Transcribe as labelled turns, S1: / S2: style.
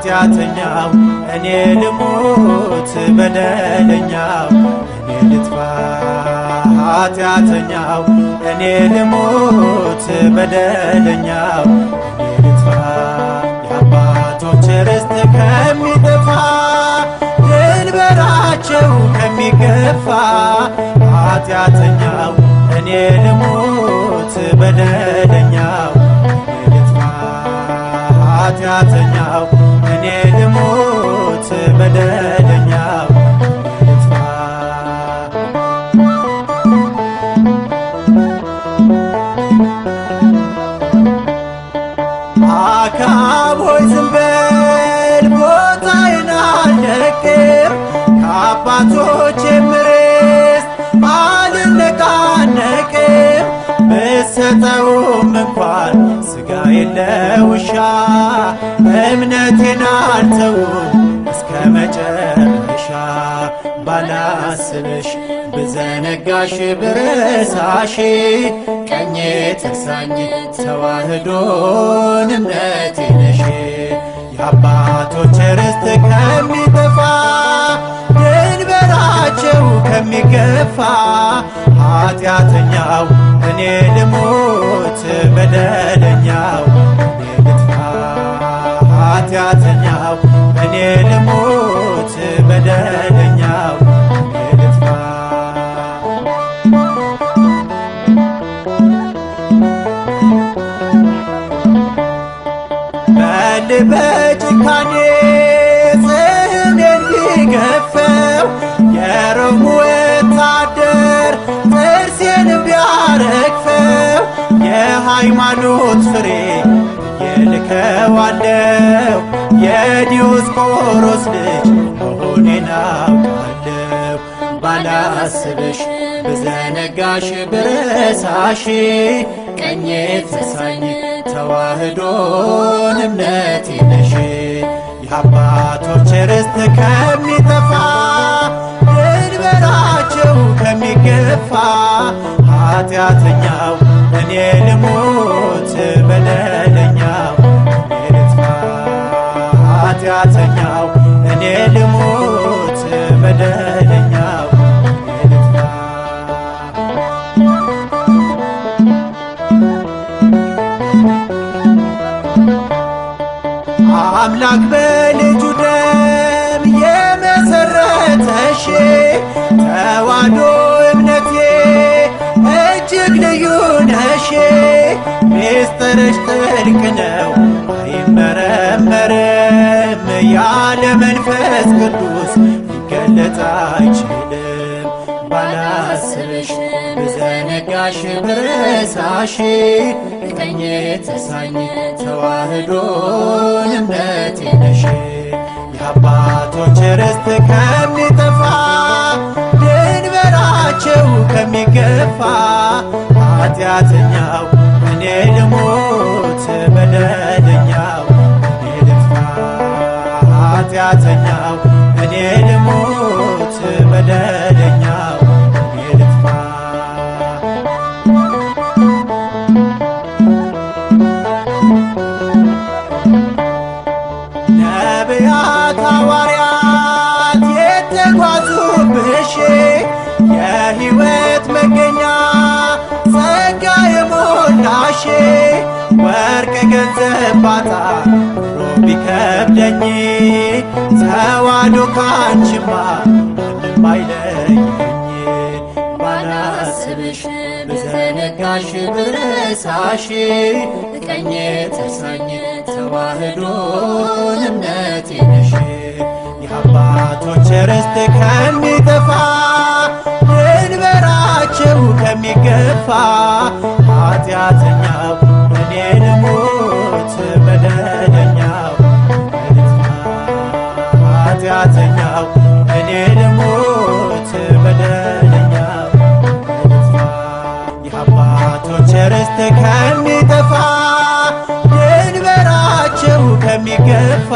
S1: ኃጢአተኛው እኔ ልሙት በደለኛው እኔ ልጥፋ ኃጢአተኛው እኔ ልሙት በደለኛው እኔ ልጥፋ የአባቶች ርስት ከሚጠፋ ድንበራቸው ከሚገፋ ኃጢአተኛው እኔ ልሙት በደለኛው ኃጢአተኛው እኔ ልሙት በደለኛው ይጥፋ
S2: አክዓብ ሆይ ዝም በል ቦታዬን አልለቅም ከአባቶቼ ርስት አልነቃነቅም ብሰጠውም እንኳን ሥጋ የለውሻ እምነቴን አልተውም እስከ መጨረሻ ባላስብሽ ብዘነጋሽ ብረሳሽ ቀኝ ትርሳኝ ተዋህዶን እምነቴ ነሽ የአባቶች ርስት ከሚጠፋ ድንበራቸው ከሚገፋ ኃጢአተኛው እኔ ልሞት በደል ኃጢአተኛው እኔ ልሙት በደለኛው በጭካኔ ጽኔን የሚገፈው የሮም ወታደር ጥርሴን ቢያረግፈው የሃይማኖት ፍሬ እልከዋለሁ የዲዮስቆሮስ ልጅ መሆኔን አውቃለሁ። ባላስብሽ ብዘነጋሽ ብረሳሽ ቀኜ ትሳኝ ተዋህዶን እምነት ነሽ የአባቶች ርስት ከሚጠፋ ድንበራቸው ከሚገፋ ኃጢአተኛው እኔ ልሙት ኃጢአተኛው እኔ ልሙት በደለኛው አምላክ በልጁ ደም የመሰረተሽ እምነቴ እጅግ ልዩ ነሽ ምስጢርሽ ጥልቅ ያለ መንፈስ ቅዱስ ሊገለጽ አይችልም። ባላስብሽ ብዘነጋሽ ብረሳሽ እቀኝ ተሳኝ ተዋህዶ እምነቴ ነሽ የአባቶች ርስት ከሚጠፋ ድንበራቸው ከሚገፋ ኃጢአተኛው ዳተኛው ማዶ ካንቺማ ምንም አይለየኝ ባላስብሽ ብዘነጋሽ ብረሳሽ ቀኜ ተሳኝ ተዋህዶ እምነቴ ነሽ የአባቶች ርስት ከሚጠፋ እንበራቸው ከሚገፋ ጥፋተኛው እኔ ልሙት በደለኛው የአባቶች ርስት ከሚጠፋ ድንበራቸው ከሚገፋ